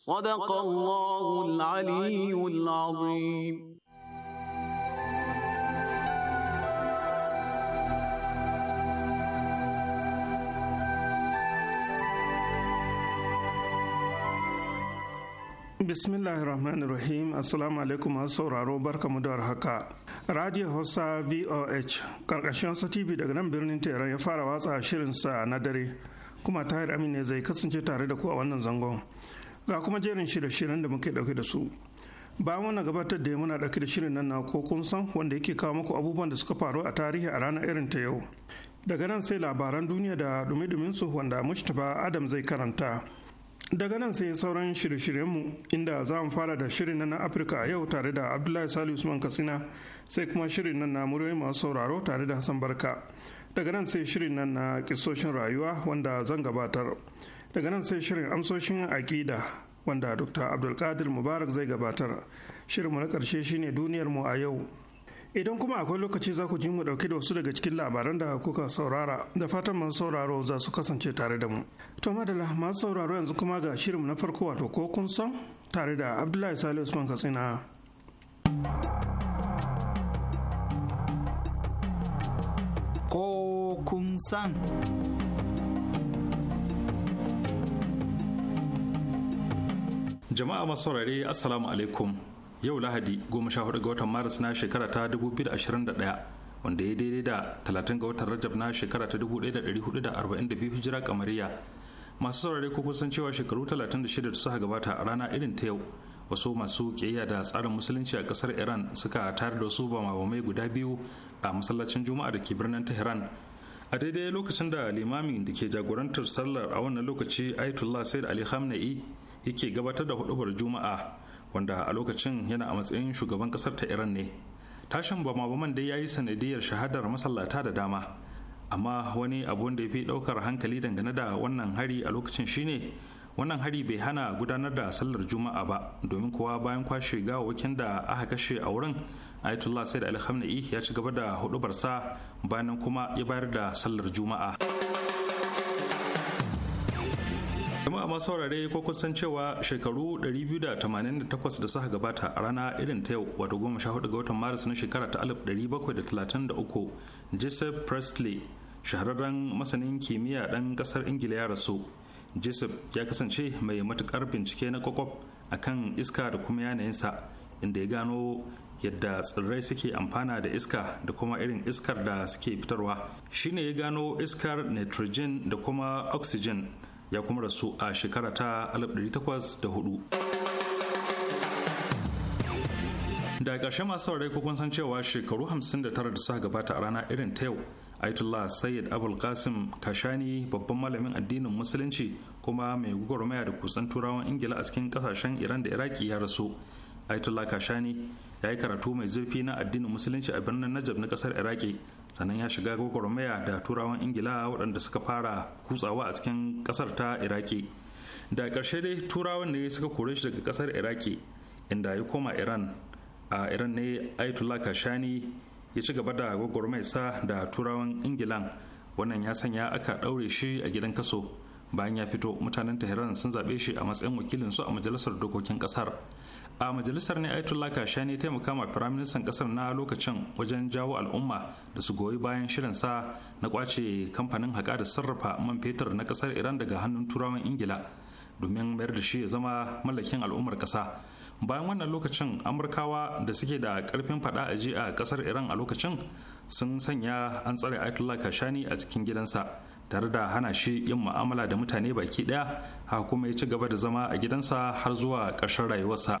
صدق الله العلي العظيم bismillahi rahmanir rahim assalamu alaikum masu sauraro barkamu da haka radio hausa voh karkashin sa tv daga nan birnin tehran ya fara watsa shirinsa na dare kuma tahir amin ne zai kasance tare da ku a wannan zangon ga kuma jerin shirye-shiryen da muke dauke da su ba wani gabatar da muna dauke da shirin nan na ko kun san wanda yake kawo muku abubuwan da suka faru a tarihi a ranar irin ta yau daga nan sai labaran duniya da dumi-dumin su wanda mustapha adam zai karanta daga nan sai sauran shirye-shiryenmu inda za mu fara da shirin nan na afirka a yau tare da abdullahi sali usman katsina sai kuma shirin nan na muryoyi masu sauraro tare da hassan barka daga nan sai shirin nan na kisoshin rayuwa wanda zan gabatar daga nan sai shirin amsoshin aƙida wanda dr abdulkadir mubarak zai gabatar shirin mu na karshe shine duniyar mu a yau idan kuma akwai lokaci za ku ji mu dauke da wasu daga cikin labaran da kuka saurara da fatan masu sauraro za su kasance tare da mu to madalla masu sauraro yanzu kuma ga shirin na farko wato ko kun san tare da abdullahi salisu usman katsina ko kun san jama'a masu assalamu alaikum yau lahadi 14 ga watan maris na shekara ta 2021 wanda ya daidai da 30 ga watan rajab na shekara ta 1442 hijira kamariya masu saurare ko kusan cewa shekaru 36 da suka gabata a rana irin ta yau wasu masu kiyaya da tsarin musulunci a kasar iran suka tare da wasu mai guda biyu a masallacin juma'a da ke birnin tehran a daidai lokacin da limamin da ke jagorantar sallar a wannan lokaci ayatollah sai ali khamenei yake gabatar da hudubar juma'a wanda a lokacin yana a matsayin shugaban kasar ta iran ne tashin ba baman dai ya yi sanadiyar shahadar masallata da dama amma wani abun da ya fi daukar hankali dangane da wannan hari a lokacin shine wannan hari bai hana gudanar da sallar juma'a ba domin kuwa bayan kwashe gawawakin da aka kashe a wurin ayatollah da alhamdi ya ci gaba da hudubarsa bayan kuma ya bayar da sallar juma'a amma saurare ko kusan cewa shekaru 288 da suka gabata a rana irin ta yau wato 14 ga watan maris na shekara ta 1733 joseph presley shahararren masanin kimiyya ɗan kasar ingila ya rasu joseph ya kasance mai matuƙar bincike na kwakwaf a kan iska da kuma yanayinsa inda ya gano yadda tsirrai suke amfana da iska da kuma irin iskar da suke fitarwa shine ya gano iskar nitrogen da kuma oxygen ya kuma rasu a shekara ta 1804 da ƙarshe masu saurari ko kun san cewa shekaru 59 da suka gabata a rana irin ta yau Aitullah Sayyid Abul Qasim Kashani babban malamin addinin musulunci kuma mai gwagwarmaya da kusan turawan Ingila a cikin kasashen Iran da Iraki ya rasu. Aitullah Kashani ya yi karatu mai zurfi na addinin musulunci a birnin najab na kasar iraki sannan ya shiga gwagwarmaya da turawan ingila waɗanda suka fara kutsawa a cikin kasar ta iraki da ƙarshe dai turawan ne suka kore shi daga kasar iraki inda ya koma iran a iran ne ayatollah kashani ya ci gaba da gwagwarmaya sa da turawan ingilan wannan ya sanya aka ɗaure shi a gidan kaso bayan ya fito mutanen tehran sun zaɓe shi a matsayin su a majalisar dokokin ƙasar a majalisar ne ayatollah kashani taimaka ma firaministan kasar na lokacin wajen jawo al'umma da su goyi bayan shirin sa na kwace kamfanin haƙa da sarrafa man fetur na kasar iran daga hannun turawan ingila domin mayar da shi ya zama mallakin al'ummar kasa bayan wannan lokacin amurkawa da suke da karfin fada a ji a kasar iran a lokacin sun sanya an tsare ayatollah kashani a cikin gidansa tare da hana shi yin mu'amala da mutane baki daya haka kuma ya ci gaba da zama a gidansa har zuwa ƙarshen rayuwarsa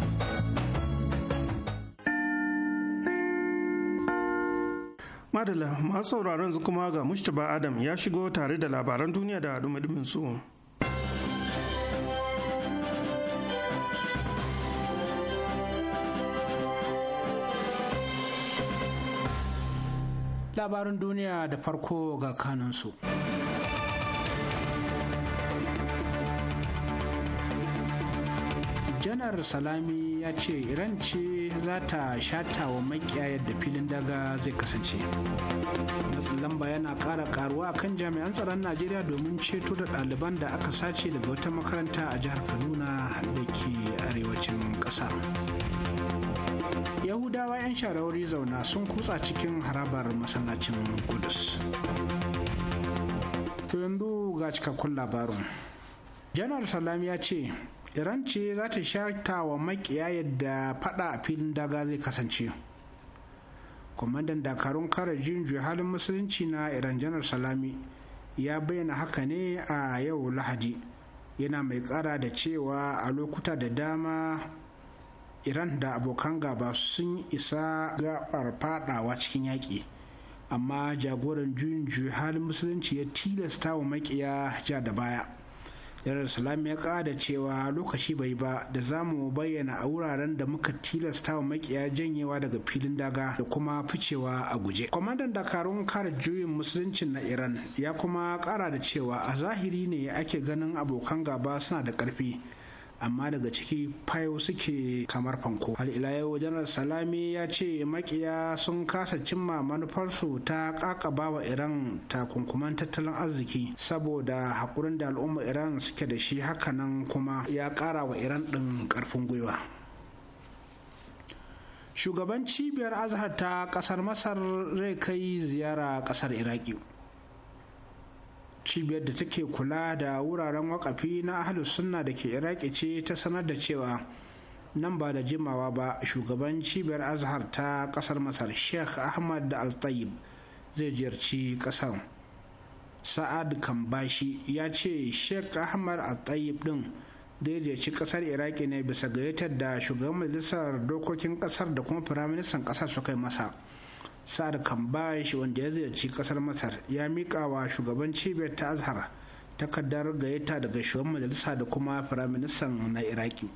Madala masu sauraron kuma ga Mustapha Adam ya shigo tare da labaran duniya da dumadumin su. Labarin duniya da farko ga kanansu. janar salami ya ce iran ce za ta shata wa makiya yadda filin daga zai kasance matsin lamba yana ƙara karuwa kan jami'an tsaron najeriya domin ceto da ɗaliban da aka sace daga wata makaranta a jihar kaduna da ke arewacin ƙasar yahudawa 'yan sharawari zauna sun kutsa cikin harabar masallacin kudus to yanzu ga cikakkun labarin janar Salami ya ce iran ce za ta shata wa makiya yadda fada a filin daga zai kasance kwamandan dakarun kare jinju halin musulunci na iran janar salami ya bayyana haka ne a yau lahadi yana mai kara da cewa a lokuta da dama iran da abokan gaba sun isa gabar fadawa cikin yaƙi amma jagoran juyin halin musulunci ya tilasta wa makiya ja da baya Jarar Salam ya kada cewa lokaci bai ba da za mu bayyana a wuraren da muka tilasta wa makiya janyewa daga filin daga da kuma ficewa a guje. Kwamandan dakarun kare juyin musuluncin na Iran ya kuma kara da cewa a zahiri ne ake ganin abokan gaba suna da ƙarfi. amma daga ciki fayo suke kamar fanko al ila yau janar salami ya ce makiya sun kasa cimma manufarsu ta wa iran takunkuman tattalin arziki saboda haƙurin da al'umma iran suke da shi hakanan kuma ya ƙara wa iran ɗin ƙarfin gwiwa shugaban cibiyar azhar ta ƙasar masar zai kai ziyara ƙasar iraki cibiyar da take kula da wuraren wakafi na ahalus sunna da ke iraki ce ta sanar da cewa nan ba da jimawa ba shugaban cibiyar azhar ta kasar masar sheikh ahmad al tayyib zai ziyarci kasar sa'ad kambashi ya ce sheikh ahmad al tayyib din zai ziyarci kasar iraki ne bisa gayyatar da shugaban majalisar dokokin kasar da kuma firaministan kasar suka yi masa sa'ad shi wanda ya ziyarci kasar masar ya miƙa wa shugaban cibiyar ta azhar takardar gayyata daga shugaban majalisa da kuma firaministan na iraki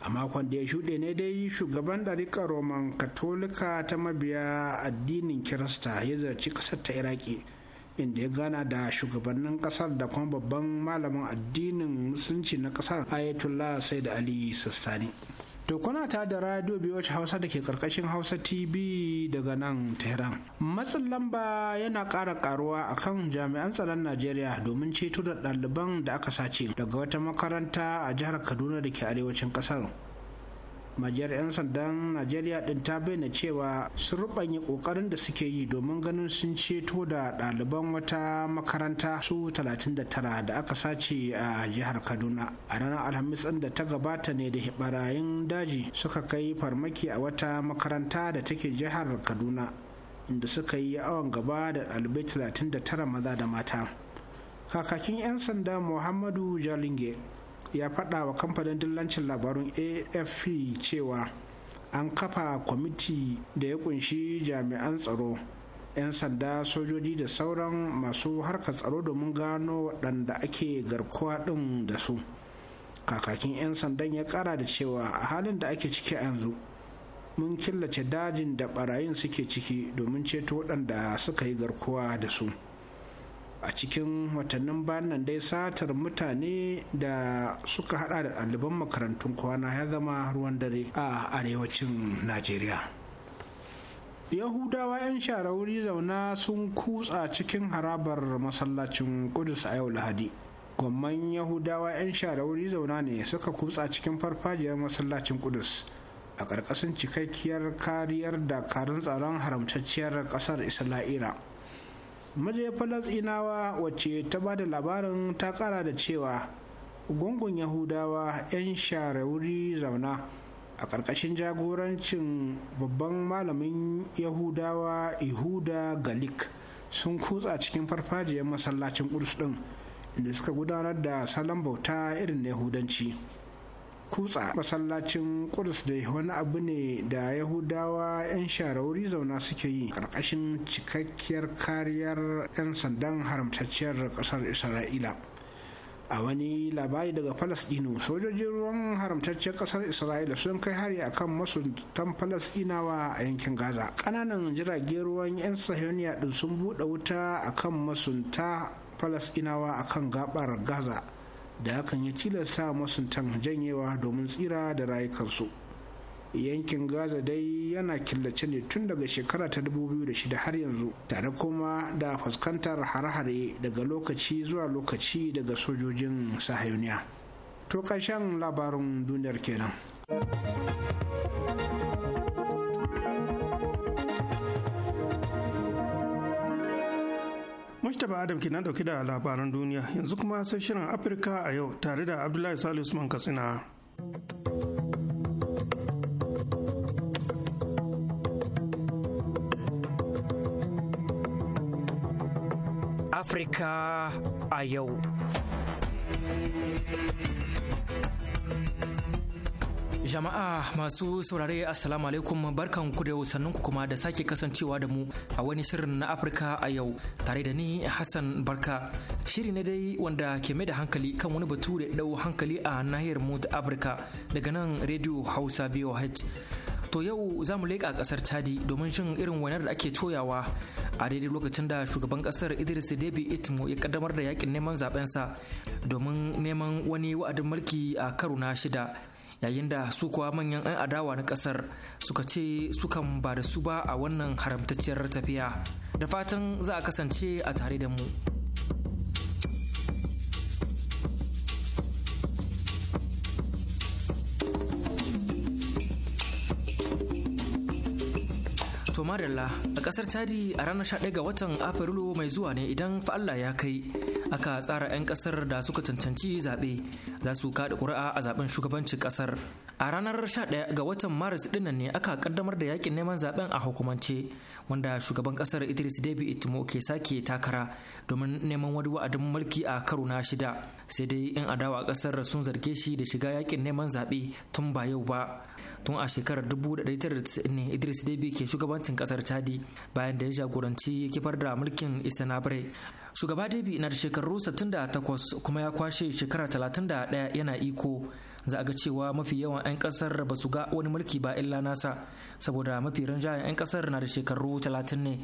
a makon da ya shuɗe ne dai shugaban ɗariƙar roman katolika ta mabiya addinin kirista ya ziyarci kasar ta iraki inda ya gana da shugabannin ƙasar da kuma babban malamin addinin musulunci na ƙasar ayatollah da ali sistani To kuna ta da radio wacce Hausa da ke karkashin Hausa TV daga nan Tehran. Matsin lamba yana ƙara karuwa kan jami'an tsaron Najeriya domin ceto da ɗaliban da aka sace daga wata makaranta a jihar Kaduna da ke arewacin ƙasar. majiyar 'yan sandan najeriya din ta bayyana cewa sun rubanya kokarin da suke yi domin ganin sun ceto da ɗaliban wata makaranta su 39 da aka sace a jihar kaduna a ranar alhamis da ta gabata ne da barayin daji suka kai farmaki a wata makaranta da take jihar kaduna inda suka yi awon gaba da ɗalibai 39 maza da mata kakakin 'yan sanda muhammadu jalinge ya faɗa wa kamfanin dillancin labarun afp cewa an kafa kwamiti da ya kunshi jami'an tsaro 'yan sanda sojoji da sauran masu harkar tsaro domin gano waɗanda ake garkuwa ɗin da su kakakin 'yan sandan ya ƙara da cewa a halin da ake ciki a yanzu mun killace dajin da barayin suke ciki domin ceto waɗanda suka yi garkuwa da su. a cikin watannin bayan dai satar mutane da suka hada da ɗaliban makarantun kwana ya zama ruwan dare a arewacin najeriya yahudawa 'yan sharawuri zauna sun kutsa cikin harabar masallacin kudus a yau lahadi gwamman yahudawa 'yan sharawuri zauna ne suka kutsa cikin farfajiyar masallacin kudus a ƙarƙashin cikakkiyar kariyar dakarun tsaron haramtacciyar ƙasar Isla'ira. majiyar falasinawa wacce ta ba da labarin ta kara da cewa gungun yahudawa 'yan share wuri zauna a ƙarƙashin jagorancin babban malamin yahudawa ihuda galik sun kutsa cikin farfajiyar masallacin urs ɗin da suka gudanar da salon bauta irin na yahudanci kutsa masallacin kudus da wani abu ne da yahudawa 'yan sharauri zauna suke yi karkashin cikakkiyar kariyar 'yan sandan haramtacciyar kasar isra'ila a wani labari daga falasdino sojojin ruwan haramtacciyar kasar isra'ila sun kai hari akan masuntan falasdinawa a yankin gaza kananan jiragen ruwan 'yan sahiyoniya din sun buɗe wuta a kan masunta falasdinawa kan gabar gaza da hakan ya tilasta masuntan janyewa domin tsira da rayukansu yankin gaza dai yana killace ne tun daga shekara ta 2006 har yanzu tare kuma da fuskantar hare-hare daga lokaci zuwa lokaci daga sojojin sahayuniya to ƙarshen labarin duniyar kenan Mustapha Adam nan dauke da labaran duniya yanzu kuma sai shirin Afirka a yau tare da Abdullahi Salisu Usman Katsina. Afirka a yau. Jama'a masu saurare Assalamu alaikum barkan ku da wasannin ku kuma da sake kasancewa da mu a wani shirin na Afirka a yau tare da ni Hassan Barka. Shiri na dai wanda ke mai da hankali kan wani batu da dau hankali a nahiyar mu ta Afirka daga nan Radio Hausa BOH. To yau za mu leƙa ƙasar Chadi domin shin irin wani da ake toyawa a daidai lokacin da shugaban ƙasar Idris Debi Itmo ya kaddamar da yakin neman zaben sa domin neman wani wa'adin mulki a karo na shida yayin da su kuwa manyan 'yan adawa na kasar suka ce sukan ba da su ba a wannan haramtacciyar tafiya da fatan za a kasance a tare da mu to madalla a kasar chadi a ranar 11 ga watan afrilu mai zuwa ne idan fa'alla ya kai aka tsara 'yan kasar da suka cancanci zaɓe za su kaɗa ƙuri'a a zaben shugabancin kasar a ranar 11 ga watan maris dinnan ne aka kaddamar da yakin neman zaɓen a hukumance wanda shugaban kasar idris debi itimo ke sake takara domin neman wani wa'adin mulki a karo na shida sai dai 'yan adawa kasar sun zarge shi da shiga yakin neman zaɓe tun ba yau ba tun a shekarar 1990 ne idris debi ke shugabancin ƙasar chadi bayan da ya jagoranci ya kifar da mulkin isanabre shugaba Davi na da shekaru 68 kuma ya kwashe shekara 31 yana iko za a ga cewa mafi yawan 'yan kasar ba su ga wani mulki ba illa nasa saboda mafi rinjayen 'yan kasar na da shekaru 30 ne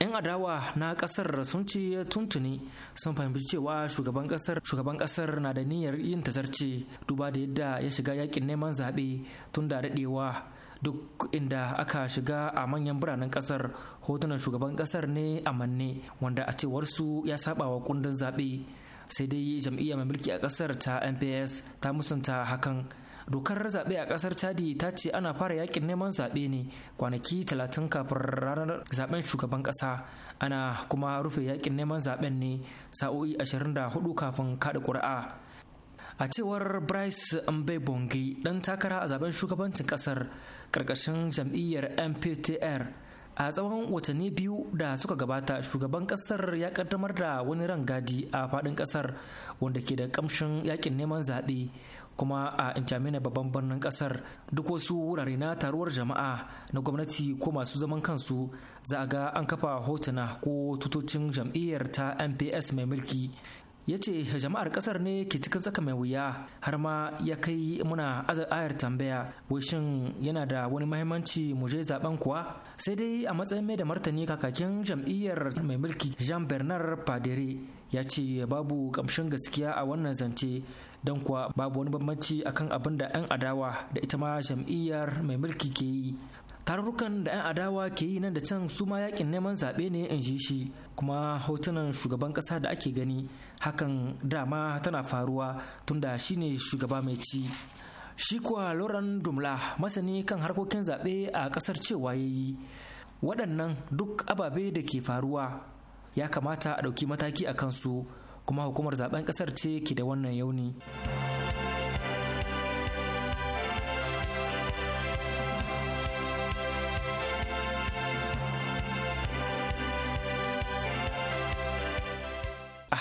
'yan adawa na kasar sun ce tuntuni sun fahimci cewa shugaban kasar shugaban kasar na da niyyar yin tazarce duba da yadda ya shiga yakin neman zaɓe tun da daɗewa duk inda aka shiga a manyan biranen kasar hotunan shugaban kasar ne a manne wanda a cewarsu ya saba wa kundin zaɓe sai dai jam'iyyar mai mulki a kasar ta mps ta musanta hakan dokar zaɓe a ƙasar chadi ta ce ana fara yakin neman zaɓe ne kwanaki talatin kafin ranar zaɓen shugaban ƙasa ana kuma rufe yakin neman zaɓen ne sa'o'i 24 kafin kaɗa ƙuri'a a cewar bryce mbebongi dan takara a zaben shugabancin kasar karkashin jam'iyyar mptr a tsawon watanni biyu da suka gabata shugaban kasar ya kaddamar da wani rangadi a fadin kasar wanda ke da kamshin yakin neman zaɓe kuma a injamina babban birnin kasar duk wasu wurare na taruwar jama'a na gwamnati ko masu zaman kansu za a ga an kafa hotuna ko tutocin jam'iyyar ta MPS mai mulki ya ce jama'ar kasar ne ke cikin tsaka mai wuya har ma ya kai muna ayar tambaya wai shin yana da wani mahimmanci mu je zaben kuwa sai dai a matsayin mai da martani kakakin jam'iyyar mai mulki jean bernard padere ya ce babu kamshin gaskiya a wannan zance don kuwa babu wani bambanci akan abin da 'yan adawa da ita ma jam'iyyar mai mulki ke yi tarurrukan da 'yan adawa ke yi nan da can su ma yakin neman zaɓe ne in shi kuma hotunan shugaban kasa da ake gani hakan dama tana faruwa tunda shine shugaba mai ci shi kuwa lauren dumla masani kan harkokin zaɓe a ƙasar cewa ya yi waɗannan duk ababe da ke faruwa ya kamata a ɗauki mataki a kansu kuma hukumar zaɓen ƙasar ce ke da wannan yauni.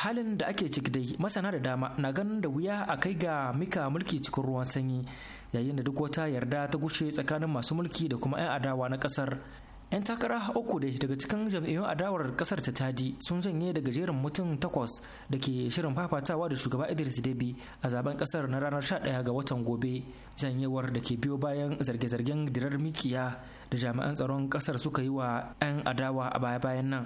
halin da ake ciki dai masana da dama na ganin da wuya a kai ga mika mulki cikin ruwan sanyi yayin da duk wata yarda ta gushe tsakanin masu mulki da kuma 'yan adawa na kasar 'yan takara uku dai daga cikin jam'iyyun adawar kasar ta tadi sun janye daga jerin mutum takwas da ke shirin fafatawa da shugaba idris debi a zaben kasar na ranar 11 ga watan gobe janyewar da ke biyo bayan zarge-zargen dirar mikiya da jami'an tsaron kasar suka yi wa 'yan adawa a baya-bayan nan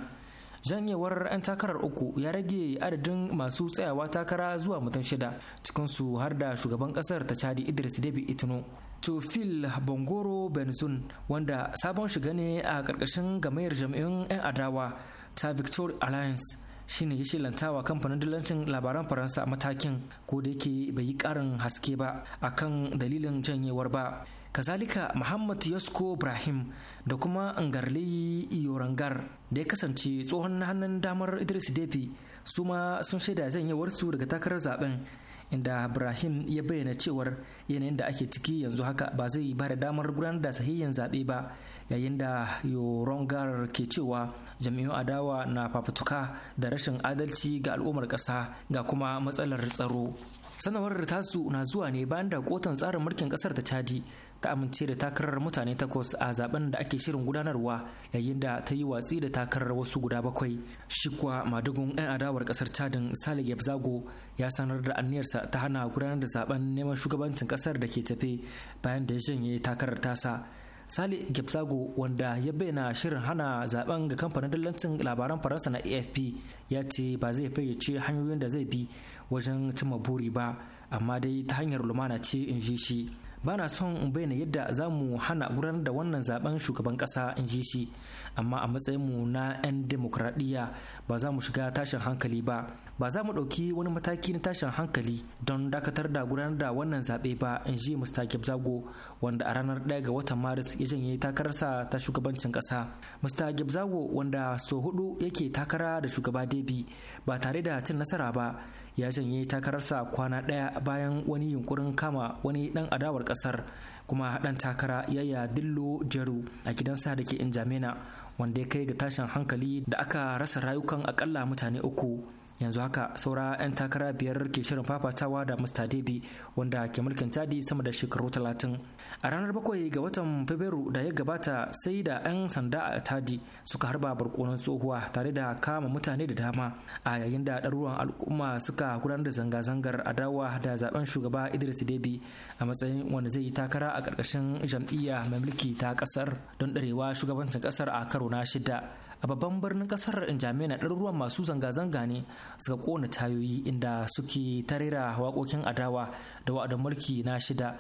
janyewar 'yan takarar uku ya rage adadin masu tsayawa takara zuwa mutum shida cikin su har da shugaban kasar ta chadi idris debi itno tofil bongoro benzun wanda sabon shiga ne a karkashin gamayar jami'in 'yan adawa ta victoria alliance shine ya shilantawa kamfanin dillancin labaran faransa matakin ko da yake bai yi karin haske ba akan dalilin janyewar ba kazalika muhammad yasko ibrahim da kuma ngarli Iyorangar da ya kasance tsohon hannun damar idris debi su ma sun shaida janyewarsu daga takarar zaben inda ibrahim ya bayyana cewar yanayin da ake ciki yanzu haka ba zai ba da damar gudanar da sahihin zaɓe ba yayin da yorongar ke cewa jami'un adawa na fafutuka da rashin adalci ga al'ummar ƙasa ga kuma matsalar tsaro sanawar tasu na zuwa ne bayan da kotun tsarin mulkin ƙasar ta chadi ta amince da takarar mutane takwas a zaben da ake shirin gudanarwa yayin da ta yi watsi da takarar wasu guda bakwai shi kuwa madugun 'yan adawar kasar chadin salih Yabzago ya sanar da anniyarsa ta hana gudanar da zaben neman shugabancin kasar da ke tafe bayan da ya janye takarar tasa sale gebsago wanda ya bayyana shirin hana zaben ga kamfanin dallancin labaran faransa na afp ya ce ba zai fayyace hanyoyin da zai bi wajen cimma buri ba amma dai ta hanyar lumana ce in ji shi bana son in bayyana yadda za mu hana gudanar da wannan zaben shugaban kasa in ji shi amma a matsayinmu na 'yan demokradiyya ba za mu shiga tashin hankali ba ba za mu ɗauki wani mataki na tashin hankali don dakatar da gudanar da wannan zaɓe ba in ji mr gibzago wanda a ranar 1 ga watan maris ya janye takararsa ta shugabancin ƙasa mr gibzago wanda so hudu yake takara da shugaba debi ba tare da cin nasara ba ya janye takararsa kwana ɗaya bayan wani yunkurin kama wani ɗan adawar ƙasar kuma haɗan takara yaya dillo jeru a gidansa da ke injamena wanda ya kai ga tashin hankali da aka rasa rayukan akalla mutane uku yanzu haka saura 'yan takara biyar ke shirin fafatawa da debi wanda ke mulkin tadi sama da shekaru talatin a ranar bakwai ga watan fabrairu da ya gabata sai da 'yan sanda a taji suka harba barkonon tsohuwa tare da kama mutane da dama a yayin da ɗaruruwan al'umma suka gudanar da zanga-zangar adawa da zaben shugaba idris debi a matsayin wanda zai yi takara a ƙarƙashin jam'iyya mai mulki ta kasar don ɗarewa shugabancin ƙasar a karo na shida a babban birnin kasar na ɗaruruwan masu zanga-zanga ne suka kona tayoyi inda suke tarera waƙoƙin adawa da wa'adin mulki na shida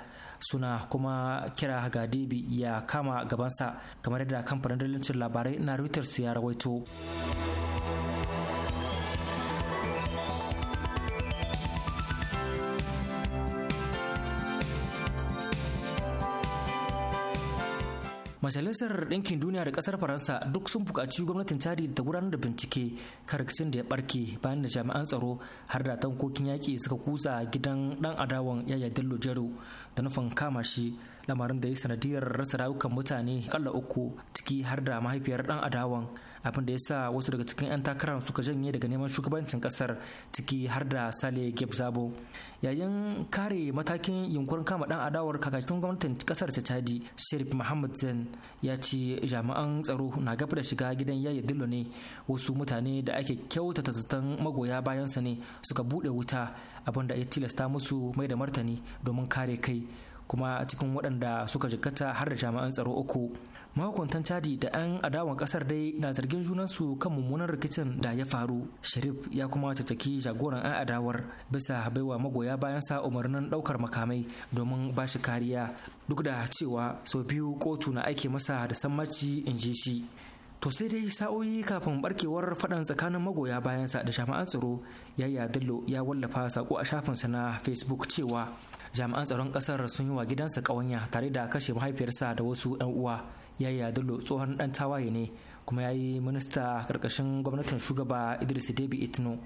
suna kuma kira ga dibi ya kama gabansa kamar yadda kamfanin dalilancin labarai na reuters ya rawaito majalisar ɗinkin duniya da ƙasar faransa duk sun buƙaci gwamnatin chadi ta gudanar da bincike kan rikicin da ya barke bayan da jami'an tsaro har da tankokin yaƙi suka kutsa gidan ɗan adawan yaya dello jero da nufin kama shi lamarin da ya sanadiyar rasa rayukan mutane kalla uku ciki har da mahaifiyar dan adawan abin da ya sa wasu daga cikin 'yan takarar suka janye daga neman shugabancin kasar ciki har da sale gebzabo yayin kare matakin yunkurin kama dan adawar kakakin gwamnatin kasar ta chadi sharif muhammad zain ya ce jami'an tsaro na gaba da shiga gidan yayi dillo ne wasu mutane da ake kyautata zaton magoya bayansa ne suka bude wuta abin da ya tilasta musu mai da martani domin kare kai kuma a cikin waɗanda suka jikkata har da jami'an tsaro uku mahukuntan chadi da 'yan adawan kasar dai na zargin junansu kan mummunan rikicin da ya faru sharif ya kuma cataki jagoran 'yan adawar bisa baiwa magoya bayan sa umarnin ɗaukar makamai domin ba shi kariya duk da cewa sau biyu kotu na aiki masa da sammaci in ji shi to sai dai sa'o'i kafin barkewar faɗan tsakanin magoya bayan sa da jami'an tsaro ya yi dillo ya wallafa sako a shafinsa na facebook cewa jami'an tsaron ƙasar sun yi wa gidansa ƙawanya tare da kashe mahaifiyarsa da wasu 'yan uwa yi dillo tsohon ɗan tawaye ne kuma ya yi minista ƙarƙashin gwamnatin shugaba idris debi itno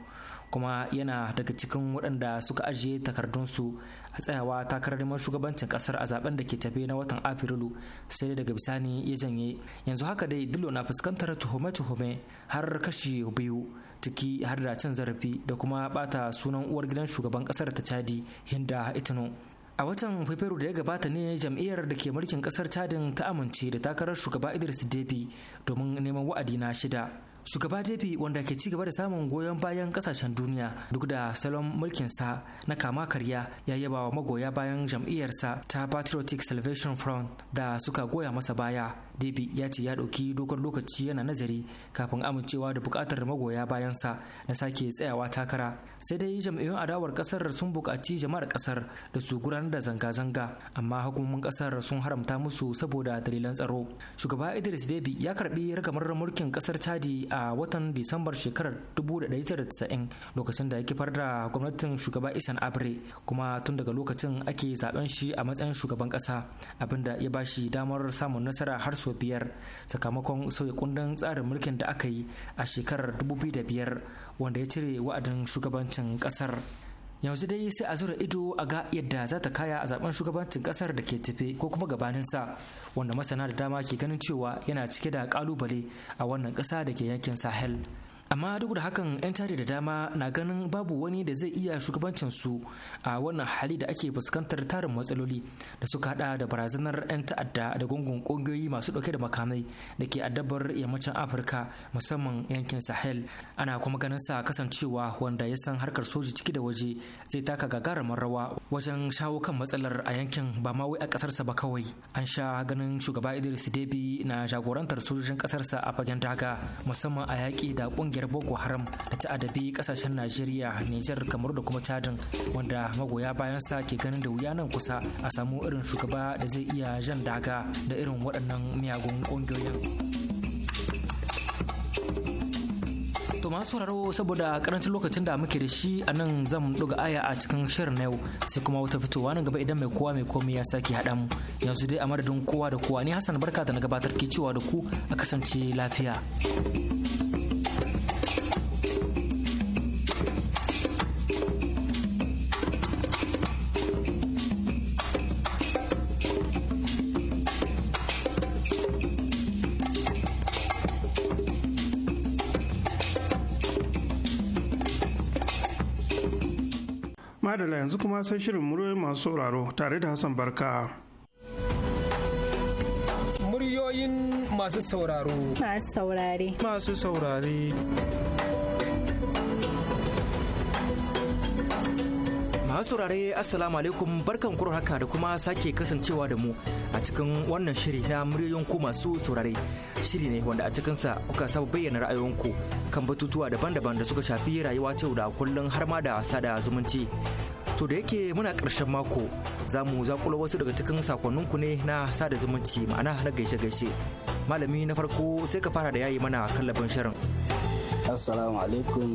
kuma yana daga cikin waɗanda suka ajiye takardunsu a tsayawa takarar neman shugabancin kasar a zaben da ke tafe na watan afrilu sai daga bisani ya janye yanzu haka dai dilo na fuskantar tuhume-tuhume har kashi biyu ciki har da cin zarafi da kuma bata sunan uwar gidan shugaban kasar ta chadi hinda itino a watan fefero da ya gabata ne jam'iyyar da ke mulkin kasar chadin ta amince da takarar shugaba idris debi domin neman wa'adi na shida shugaba dafi wanda ke cigaba da samun goyon bayan kasashen duniya duk da salon mulkin sa na kama karya ya yaba wa magoya bayan jam'iyyarsa ta patriotic salvation front da suka goya masa baya debi ya ce ya ɗauki dogon lokaci yana nazari kafin amincewa da buƙatar magoya bayansa na sake tsayawa takara sai dai jam'iyyun adawar ƙasar sun buƙaci jama'ar ƙasar da su gudanar da zanga-zanga amma hukumomin ƙasar sun haramta musu saboda dalilan tsaro shugaba idris debi ya karbi ragamar mulkin ƙasar chadi a a watan disambar shekarar 1990 lokacin da ya kifar da gwamnatin shugaba isan abre kuma tun daga lokacin ake zaben shi a matsayin shugaban kasa abinda ya ba shi damar samun nasara har sau biyar sakamakon sauya kundin tsarin mulkin da aka yi a shekarar 2005 wanda ya cire wa'adin shugabancin kasar yanzu dai sai a zura ido a ga yadda za ta kaya a zaben shugabancin kasar da ke tafe ko kuma gabanin sa wanda masana da dama ke ganin cewa yana cike da kalubale a wannan kasa da ke yankin sahel amma duk da hakan 'yan tare da dama na ganin babu wani da zai iya shugabancin su a wannan hali da ake fuskantar tarin matsaloli da suka hada da barazanar 'yan ta'adda da gungun kungiyoyi masu dauke da makamai da ke addabar yammacin afirka musamman yankin sahel ana kuma ganin sa kasancewa wanda ya san harkar soji ciki da waje zai taka gagarumar rawa wajen shawo kan matsalar a yankin ba ma wai a kasarsa ba kawai an sha ganin shugaba idris debi na jagorantar sojojin kasarsa a fagen daga musamman a yaƙi da kungiyar kungiyar boko haram da ta adabi kasashen najeriya nijar kamar da kuma chadin wanda magoya bayan sa ke ganin da wuya nan kusa a samu irin shugaba da zai iya jan daga da irin waɗannan miyagun ƙungiyoyin. To masu sauraro saboda karancin lokacin da muke da shi a nan zan ɗuga aya a cikin shirin na yau sai kuma wata fitowa nan gaba idan mai kowa mai komai ya sake haɗa mu yanzu dai a madadin kowa da kowa ne Hassan barka da na gabatar ke cewa da ku a kasance lafiya. madala yanzu kuma sai shirin muryoyi masu sauraro tare da hassan barka muryoyin masu sauraro masu saurare masu saurare masu saurare assalamu alaikum barkan kuro haka da kuma sake kasancewa da mu a cikin wannan shiri na muryoyin ku masu saurare shiri ne wanda a cikinsa kuka saba bayyana ra'ayoyinku kan batutuwa daban-daban da suka shafi rayuwa ta da kullum har ma da sada zumunci to da yake muna karshen mako za mu zakula wasu daga cikin sakonninku ne na sada zumunci ma'ana na gaishe-gaishe malami na farko sai ka fara da yayi mana kallabin shirin assalamu alaikum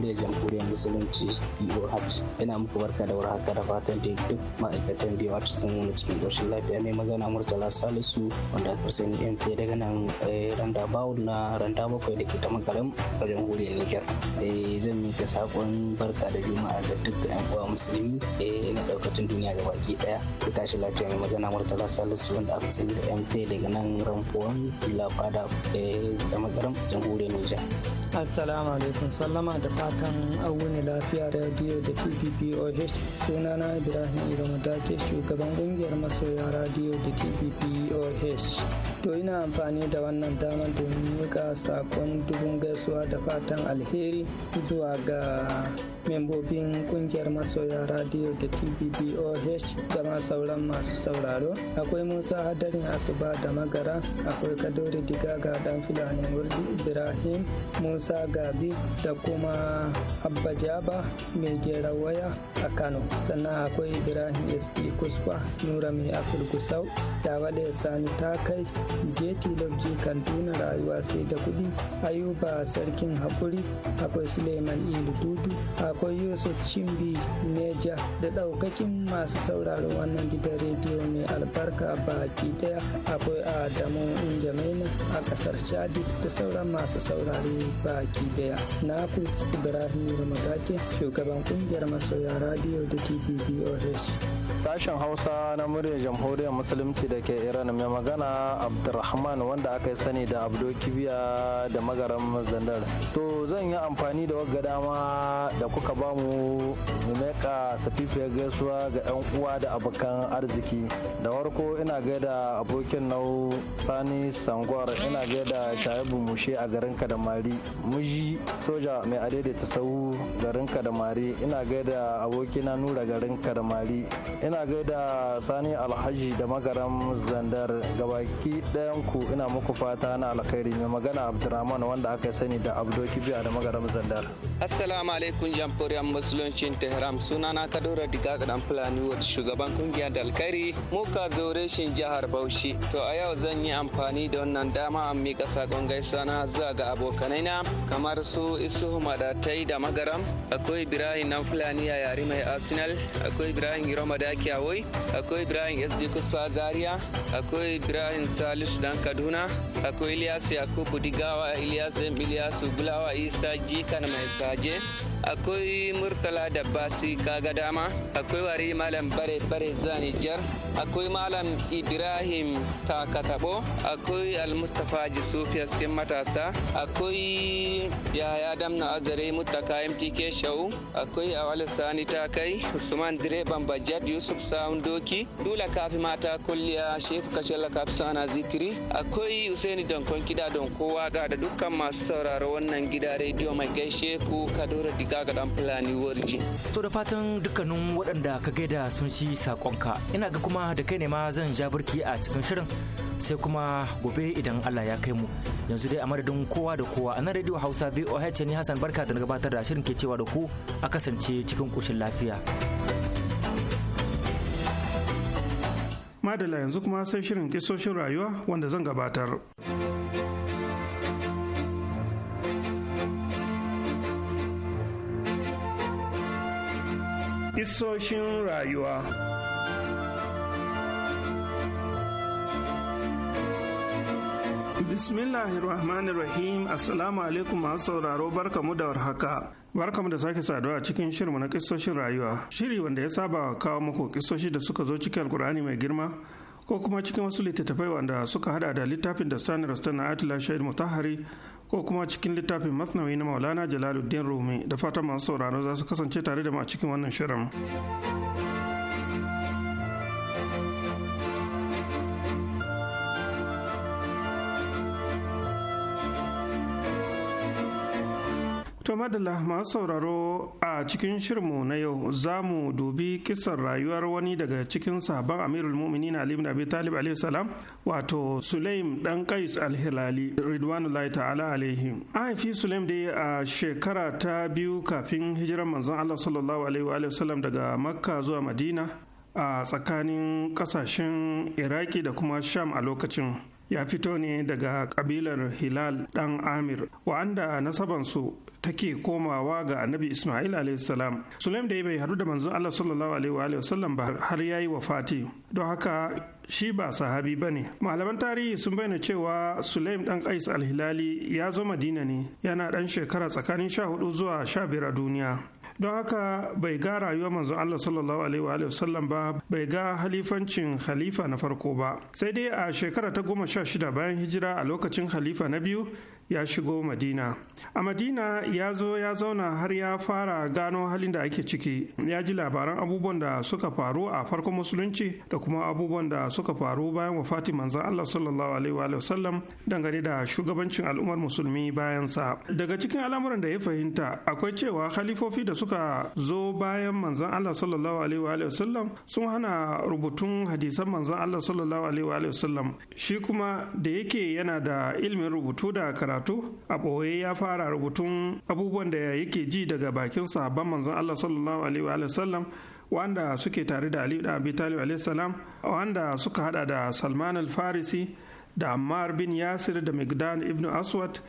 na jamhuriyar musulunci BOH ina muku barka da haka da fatan da duk ma'aikatan biyu BOH sun wani cikin ƙoshin lafiya mai magana Murtala Salisu wanda aka sani MP daga nan eh, Randa Bawul na Randa bakwai da ke ta makarin a jamhuriyar Niger eh, zan mika saƙon barka da juma'a ga duk ƴan uwa musulmi eh, na ɗaukacin duniya ga baki ɗaya ku tashi lafiya mai magana Murtala Salisu wanda aka sani da MP daga nan Ramfuwan Labada da makarin jamhuriyar Niger assalamu alaikum sallama da fatan auni lafiya radio da tppoh sunana ibrahim iramadake shugaban kungiyar masoya radio da tppoh to ina amfani da wannan damar domin mika sakon dubun gaisuwa da fatan alheri zuwa ga membobin kungiyar masoya radio da tppoh da ma sauran masu sauraro akwai musa hadarin asuba da magara akwai kadori diga ga dan fulani ibrahim musa musa gabi da kuma abba jaba mai gera waya a kano sannan akwai ibrahim sp kusfa nura mai afil gusau yawale sani ta kai jeti lobji kaduna rayuwa sai da kudi ayuba sarkin hakuri akwai suleiman ilu dudu akwai yusuf chimbi neja da ɗaukacin masu sauraron wannan gidan rediyo mai albarka baki daya akwai adamu injamaina a ƙasar chadi da sauran masu saurari. baki daya na ku ibrahim matake shugaban kungiyar masoya radio da tv sashen hausa na muryar jamhuriyar musulunci da ke iran mai magana abdulrahman wanda aka yi sani da abdo kibiya da magaran zandar to zan yi amfani da wagga dama da kuka ba mu meka safifiyar gaisuwa ga yan uwa da abokan arziki da warko ina gaida abokin nau sani sangwar ina gaida shaibu mushe a garin kadamari muji soja mai adaidaita sahu garin kadamari ina gaida abokina nura garin kadamari ina gaida sani alhaji da magaram zandar gabaki ɗayan ku ina muku fata na alkhairi mai magana abdurrahman wanda aka sani da abdoki biya da magaram zandar assalamu alaikum jamhuriyar musuluncin tehran na kadora diga ga dan fulani wata shugaban kungiyar dalkari muka zo reshin jihar bauchi to a yau zan yi amfani da wannan dama a miƙa sakon gaisuwa na zuwa ga abokanai na kamar su ta madatai da magaram akwai ibrahim na fulani a yare mai arsenal akwai ibrahim Roma da kyawai akwai ibrahim sd kusfa zaria akwai ibrahim salisu dan kaduna akwai ilyasu yakubu digawa ilyasu yan ilyasu gulawa isa jikan mai saje akwai murtala da basi kaga dama akwai wari malam bare bare zanijar akwai malam ibrahim takatabo akwai almustafa jisufi cikin matasa akwai ya yaya damna azare mutaka mtk shau akwai awali sani ta kai usman direban bajad yusuf sa'un doki dula kafi mata kulliya shefu kashe kafi sana zikiri akwai husaini donkon gida don kowa ga da dukkan masu sauraro wannan gida rediyo mai gaishe ku kadura diga ga dan fulani warji to da fatan dukkanin waɗanda ka gaida sun shi sakonka ina ga kuma da kai ne ma zan ja birki a cikin shirin sai kuma gobe idan Allah ya kai mu yanzu dai a madadin kowa da kowa a nan radio hausa voh ne hassan barka da gabatar da shirin ke cewa da ku a kasance cikin kushin lafiya madala yanzu kuma sai shirin kisoshin rayuwa wanda zan gabatar isoshin rayuwa Bismillahirrahmanirrahim Assalamu alaikum masu sauraro barkamu da warhaka. Barkamu da sake saduwa a cikin shirmu na kisoshin rayuwa. Shiri wanda ya saba kawo muku kisoshi da suka zo cikin Alkur'ani mai girma ko kuma cikin wasu littattafai wanda suka hada da littafin da Sani Rastan na Atila Shahid Mutahari ko kuma cikin littafin Masnawi na Maulana Jalaluddin Rumi da fatan masu sauraro za su kasance tare da mu a cikin wannan shirin. To madalla masu sauraro a cikin shirmu na yau za mu dubi kisan rayuwar wani daga cikin sabon Amirul na alim da Abi Talib alaihi salam wato Sulaim dan kais al-Hilali ridwanullahi ta'ala alaihi. An haifi Sulaim dai a shekara ta biyu kafin hijirar manzon Allah sallallahu alaihi wa sallam daga Makka zuwa Madina a tsakanin kasashen Iraki da kuma Sham a lokacin. ya fito ne daga kabilar hilal dan amir wa'anda nasabansu take komawa ga annabi ismail salam. sulaim da bai hadu da manzon allah sallallahu alaihi wasallam ba har ya yi wafati don haka shi ba sahabi ba ne malaman tarihi sun bayyana cewa sulaim dan qais alhilali ya zo madina ne yana dan shekara tsakanin sha hudu zuwa sha biyar a duniya don haka bai ga rayuwar manzon Allah sallallahu alaihi wa sallam ba bai ga halifancin khalifa na farko ba sai dai a shekara ta goma sha shida bayan hijira a lokacin khalifa na biyu ya shigo madina a madina ya zo ya zauna har ya fara gano halin da ake ciki ya ji labaran abubuwan da suka faru a farkon musulunci da kuma abubuwan da suka faru bayan wafati manzan allah sallallahu alaihi wa sallam dangane da shugabancin al'ummar musulmi bayansa daga cikin al'amuran da ya fahimta akwai cewa khalifofi da suka zo bayan manzan allah sallallahu alaihi wa sallam sun hana rubutun hadisan manzan allah sallallahu alaihi wa sallam shi kuma da yake yana da ilimin rubutu da karatu karatu a ɓoye ya fara rubutun abubuwan da yake ji daga bakin ban manzon Allah sallallahu alaihi wa sallam wanda suke tare da Ali da Abi Talib alaihi salam wanda suka hada da Salman al-Farisi da Ammar bin Yasir da Migdan ibn Aswad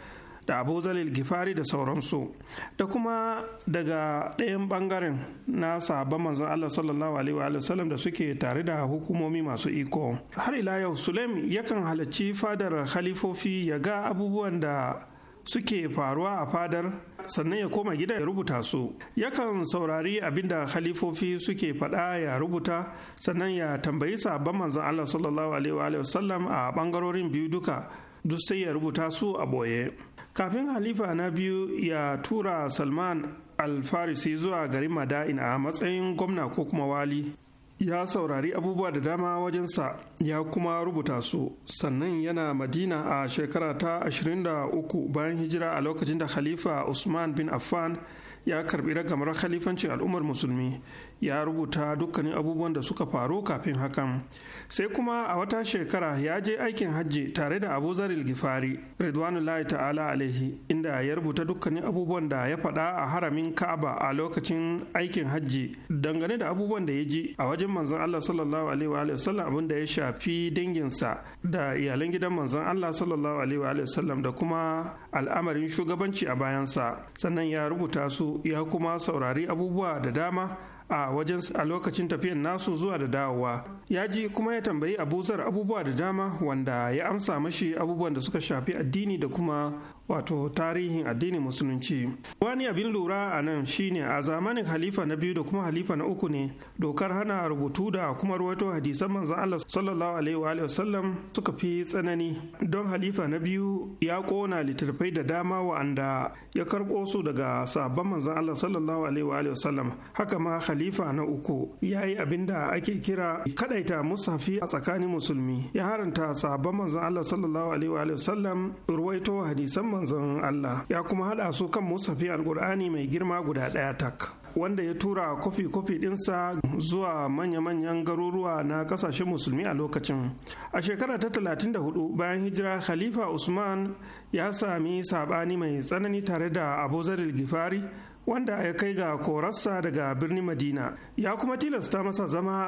da abu zalil gifari da sauransu da kuma daga ɗayan ɓangaren na sabon manzan allah sallallahu alaihi wa da suke tare da hukumomi masu iko har ila yau sulaim yakan halarci fadar khalifofi ya ga abubuwan da suke faruwa a fadar sannan ya koma gida ya rubuta su yakan saurari abinda halifofi suke faɗa ya rubuta sannan ya tambayi sabon manzan Allah sallallahu alaihi wa a ɓangarorin biyu duka duk sai ya rubuta su a boye kafin halifa na biyu ya tura salman alfarisi zuwa garin mada'in a matsayin gwamna ko kuma wali ya saurari abubuwa da dama wajensa ya kuma rubuta su sannan yana madina a shekara ta 23 bayan hijira a lokacin da khalifa usman bin affan ya karbi ragamar khalifancin al'ummar musulmi ya rubuta dukkanin abubuwan da suka faru kafin hakan sai kuma a wata shekara ya je aikin hajji tare da abu zaril gifari ridwanullahi ta'ala alaihi inda ya rubuta dukkanin abubuwan da ya faɗa a haramin ka'aba a lokacin aikin hajji dangane da abubuwan da ya ji a wajen manzon allah sallallahu alaihi wa sallam abin ya shafi danginsa da iyalan gidan manzon allah sallallahu alaihi wa sallam da kuma al'amarin shugabanci a bayansa sannan ya rubuta su ya kuma saurari abubuwa da dama a wajen a lokacin tafiyan nasu zuwa da dawowa ya ji kuma ya tambayi abuzar abubuwa da dama wanda ya amsa mashi abubuwan da suka shafi addini da kuma wato tarihin addinin musulunci wani abin lura a nan shine a zamanin halifa na biyu da kuma halifa na uku ne dokar hana rubutu da kuma ruwaito hadisan manzan Allah sallallahu alaihi wa sallam suka fi tsanani don halifa na biyu ya kona littattafai da dama wa'anda ya karbo su daga sabon manzan Allah sallallahu alaihi wa sallam haka ma halifa na uku ya yi abin da ake kira kadaita musafi a tsakanin musulmi ya haranta sabon manzan Allah sallallahu alaihi wa sallam ruwaito hadisan manzon Allah ya kuma haɗa su kan musafi alkur'ani mai girma guda ɗaya tak wanda ya tura kofi-kofi dinsa zuwa manya-manyan garuruwa na ƙasashen musulmi a lokacin a shekara ta 34 bayan hijira khalifa usman ya sami saɓani mai tsanani tare da abu zaril gifari wanda ya kai ga korarsa daga birnin madina ya kuma tilasta masa zama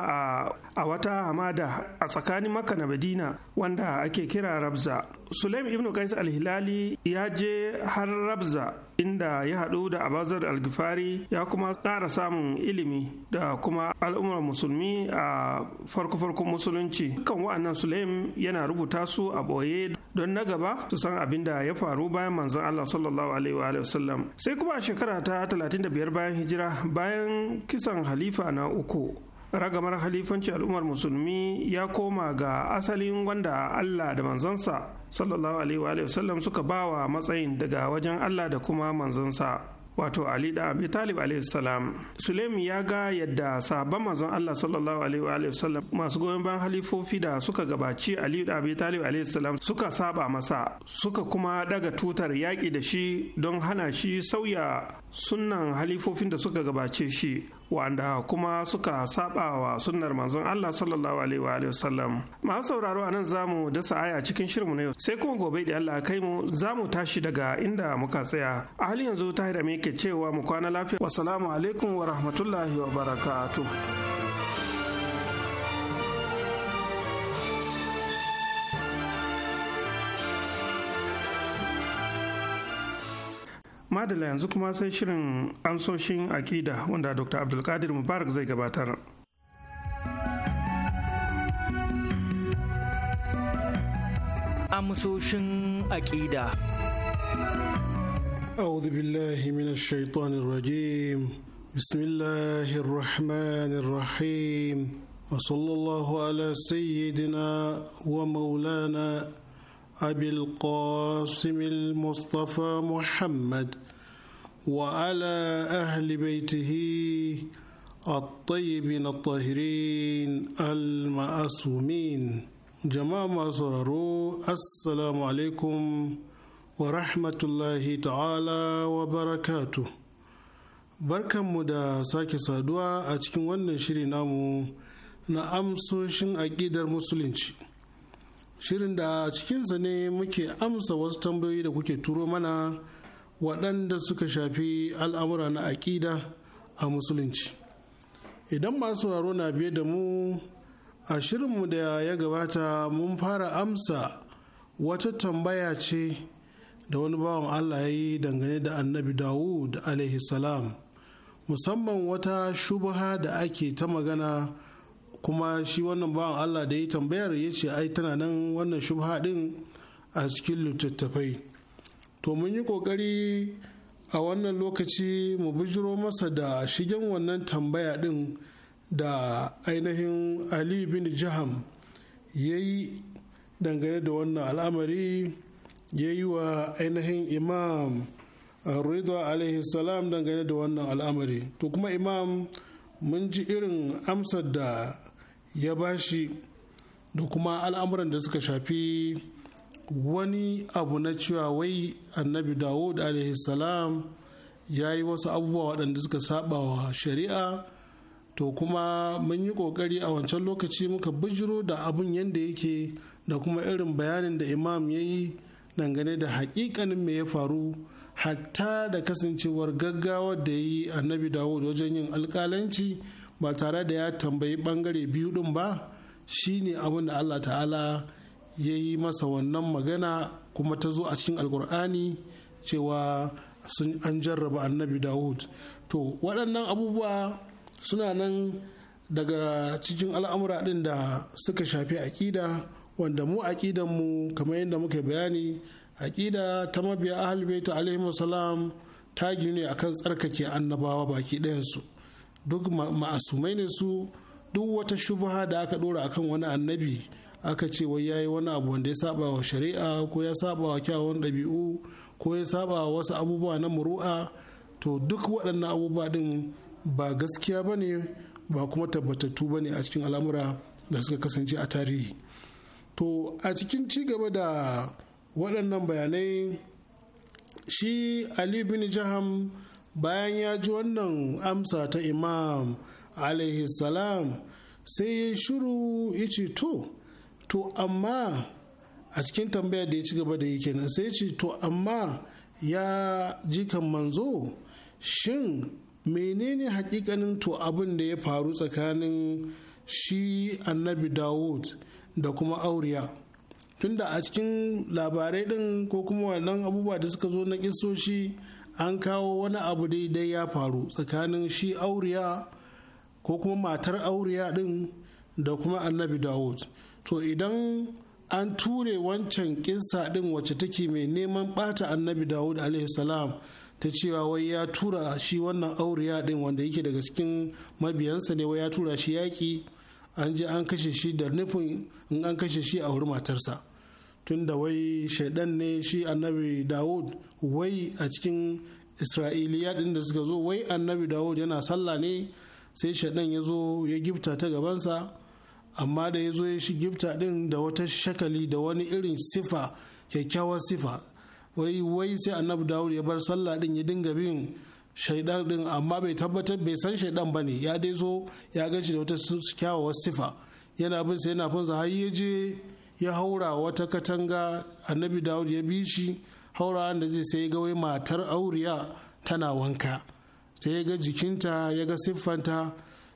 a wata hamada a tsakanin makka na madina wanda ake kira rabza sulaim ibn qais al-hilali ya je har rabza inda ya haɗu da abazar algifari ya kuma ƙara samun ilimi da kuma al'ummar musulmi a farko-farkon musulunci kan wa'annan sulaim yana rubuta su a ɓoye don na gaba su san abin da ya faru bayan manzon Allah sallallahu alaihi wa sai kuma a shekara ta 35 bayan hijira bayan kisan halifa na uku ragamar halifanci al'ummar musulmi ya koma ga asalin wanda Allah da manzonsa sallallahu alaihi wa sallam suka bawa matsayin daga wajen Allah da kuma manzonsa wato Ali da Abi Talib alaihi salam Sulaim ya ga yadda sabon manzon Allah sallallahu alaihi wa sallam masu goyon bayan halifofi da suka gabaci Ali da Abi Talib alaihi salam suka saba masa suka kuma daga tutar yaƙi da shi don hana shi sauya sunnan halifofin da suka gabace shi wanda kuma suka saba wa sunnar manzon Allah sallallahu alaihi wa wasallam masu sauraro anan zamu dasa aya cikin shirmu na yau sai kuma gobe da Allah kai mu zamu tashi daga inda muka tsaya a halin yanzu tahira me yake cewa mu kwana lafiya wassalamu alaikum wa rahmatullahi wa barakatuh madala yanzu kuma sai shirin ansoshin akida wanda dr abdulkadir mubarak zai gabatar amsoshin akida أعوذ بالله من الشيطان الرجيم بسم الله الرحمن الرحيم وصلى الله على سيدنا ومولانا أبي القاسم المصطفى محمد وعلى أهل بيته الطيبين الطاهرين المعصومين جماعة مصرارو السلام عليكم ورحمة الله تعالى وبركاته barkanmu da sake saduwa a cikin wannan shiri namu na amsoshin aƙidar musulunci shirin da cikinsa ne muke amsa wasu tambayoyi da kuke turo mana waɗanda suka shafi al'amura na aƙida a musulunci idan masu sauraro na biye da mu a shirinmu da ya gabata mun fara amsa wata tambaya ce da wani bawan allah ya yi dangane da annabi dawud salam musamman wata shubaha da ake ta magana kuma shi wannan bawan Allah da ya tambayar ya ce ai tana nan wannan shubha din a cikin littattafai to mun yi kokari a wannan lokaci mu bijiro masa da shigen wannan tambaya din da ainihin ali bin jaham ya yi dangane da wannan al'amari ya yi wa ainihin imam ridwa alaihi salam dangane da wannan al'amari to kuma imam mun ji irin amsar da ya bashi da kuma al'amuran da suka shafi wani abu na cewa wai annabi dawud salam ya yi wasu abubuwa waɗanda suka saba wa shari'a to kuma mun yi ƙoƙari a wancan lokaci muka bijiro da abun yadda yake da kuma irin bayanin da imam ya yi dangane da haƙiƙanin me ya faru hatta da kasancewar gaggawa da ya yi annabi dawud wajen yin alƙalanci ba tare da ya tambayi bangare biyu din ba shine abin da Allah ta'ala ya yi masa wannan magana kuma ta zo a cikin alkur'ani cewa sun an jarraba annabi dawud to waɗannan abubuwa suna nan daga cikin al'amura ɗin da suka shafi aƙida wanda mu aƙidanmu kamar yadda muka bayani aƙida ta mabiya ahalbaita alaihi salam ta gini akan tsarkake annabawa baki ɗayansu duk ma'asumai ne su duk wata shubha da aka dora akan wani annabi aka ce wai yayi wani abu wanda ya saba wa shari'a ko ya saba wa kyawun ɗabi'u ko ya saba wa wasu abubuwa na muru'a to duk waɗannan abubuwa din ba gaskiya ba ne ba kuma tabbatattu ba ne a cikin al'amura da suka kasance a tarihi to a cikin ci gaba da waɗannan bayanai shi ali bin jaham bayan ya ji wannan amsa ta imam alaihi salam sai ya shiru ya ce to to amma a cikin tambaya da ya ci gaba da yi kenan sai ya ce to amma ya kan manzo shin menene hakikanin to abin da ya faru tsakanin shi annabi dawud da kuma auriya tunda a cikin labarai din ko kuma wannan abubuwa da suka zo na kisoshi an kawo wani abu daidai ya faru tsakanin shi auriya ko kuma matar auriya din da kuma annabi dawud to idan an ture wancan kinsa din wacce take mai neman bata annabi dawud salam ta cewa wai ya tura shi wannan auriya din wanda yake daga cikin mabiyansa ne wai ya tura shi yaki an je an kashe shi da nufin in an kashe shi a wuri matarsa tunda wai shaidan ne shi annabi dawud wai a cikin isra'iliya din da suka zo wai annabi dawud yana sallah ne sai shaidan ya zo ya gifta ta gabansa amma da ya zo ya shi gifta din da wata shakali da wani irin sifa kyakkyawar sifa wai wai sai annabi dawud ya bar sallah din ya dinga bin shaidan din amma bai tabbatar bai san shaidan bane ya dai zo ya gan da wata kyakkyawar sifa yana bin sai yana fansa har ya je ya haura wata katanga annabi dawud ya bi shi haura da zai sai ga wai matar auriya tana wanka sai ya ga jikinta ya ga siffanta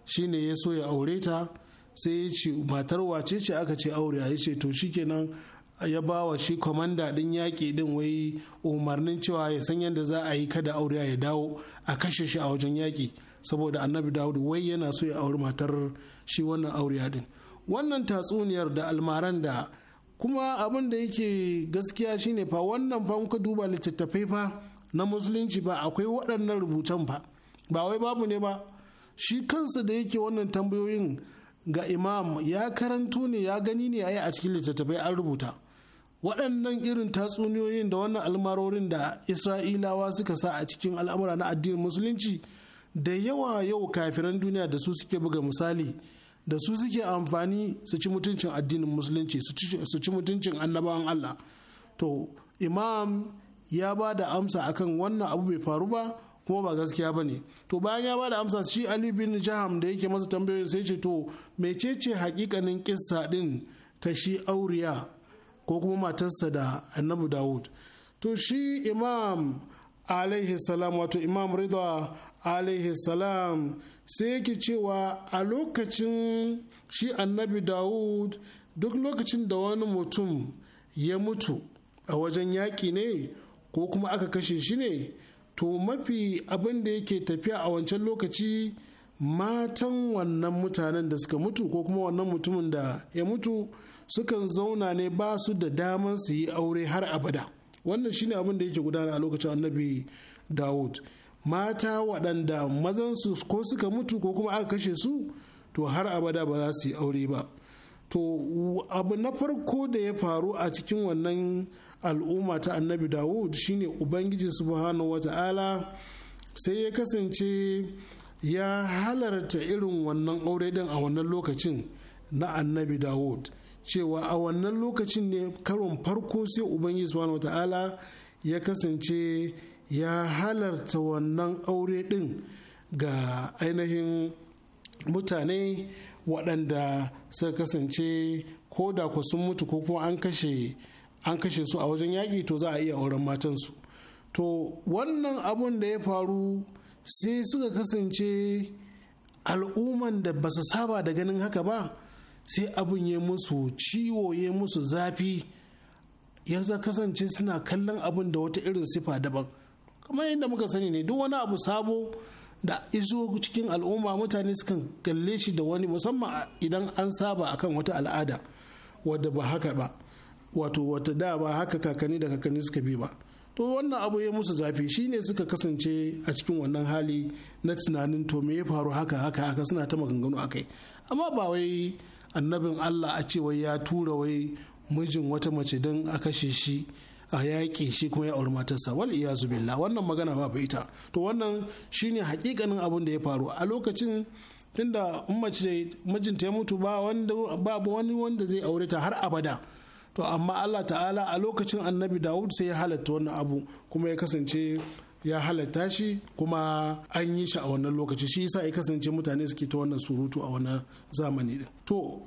shine ya so ya aure ta sai ya ce matar wace ce aka ce auriya ya ce to shikenan ya ba wa shi kwamanda din yaƙi din wai umarnin cewa ya san yadda za a yi kada auriya ya dawo a kashe shi a wajen yaƙi saboda annabi dawud wai yana so ya auri matar shi wannan auriya din wannan tatsuniyar da almaran da kuma abin da yake gaskiya shine fa wannan fa muka duba littattafai fa na musulunci ba akwai waɗannan rubutan fa ba wai babu ne ba shi kansa da yake wannan tambayoyin ga imam ya karanto ne ya gani ne ai a cikin littattafai an rubuta waɗannan irin tatsuniyoyin da wannan almarorin da isra'ilawa suka sa a cikin al'amura na addinin musulunci da yawa yau kafiran duniya da su suke buga misali da su suke amfani su ci mutuncin addinin musulunci su ci mutuncin annabawan Allah to imam ya ba da amsa akan wannan abu bai faru ba kuma ba gaskiya ba ne to bayan ya ba da amsa shi ali bin jaham da yake masa tambayoyin sai ce to mecece hakikanin kissa din ta shi auriya ko kuma matarsa da annabi dawud to shi imam alaihi salam wato imam rida alaihi salam sai yake cewa a lokacin shi annabi dawud duk lokacin da wani mutum ya mutu a wajen yaƙi ne ko kuma aka kashe shi ne to mafi abin da yake tafiya a wancan lokaci matan wannan mutanen da suka mutu ko kuma wannan mutumin da ya mutu sukan zauna ne ba su da daman su yi aure har abada wannan shine abin da yake gudana a lokacin annabi dawud mata waɗanda mazansu ko suka mutu ko kuma aka kashe su to har abada ba za su yi aure ba to abu na farko da ya faru a cikin wannan al'umma ta annabi dawud shine ubangiji subhanahu wata'ala sai ya kasance ya halarta irin wannan aure din a wannan lokacin na annabi dawud cewa a wannan lokacin ne karon farko sai ubangiji subhanahu wata'ala ya kasance ya halarta wannan aure ɗin ga ainihin mutane waɗanda suka kasance ko da ku sun mutu ko kuma an kashe su a wajen yaƙi to za a iya auren matansu to wannan abun da ya faru sai suka kasance al'umman da ba su saba da ganin haka ba sai abun ya musu ciwo ya musu zafi ya kasance suna kallon abun da wata irin sifa daban kamar yadda muka sani ne duk wani abu sabo da izo cikin al'umma mutane sukan kalle shi da wani musamman idan an saba akan wata al'ada wadda ba haka ba wato wata da ba haka kakanni da kakanni suka bi ba to wannan abu ya musu zafi shine suka kasance a cikin wannan hali na tunanin to me ya faru haka haka haka suna ta maganganu akai amma ba wai annabin Allah a cewa ya tura wai mijin wata mace don a kashe shi a yaƙi shi kuma ya auri matarsa wal iyazu billah wannan magana babu ita to wannan shine hakikanin abin da ya faru a lokacin tunda mace mijinta ya mutu ba wanda babu wani wanda zai aure ta har abada to amma Allah ta'ala a lokacin annabi Dawud sai ya halatta wannan abu kuma ya kasance ya halatta shi kuma an yi shi a wannan lokaci shi yasa ya kasance mutane suke ta wannan surutu a wannan zamani din to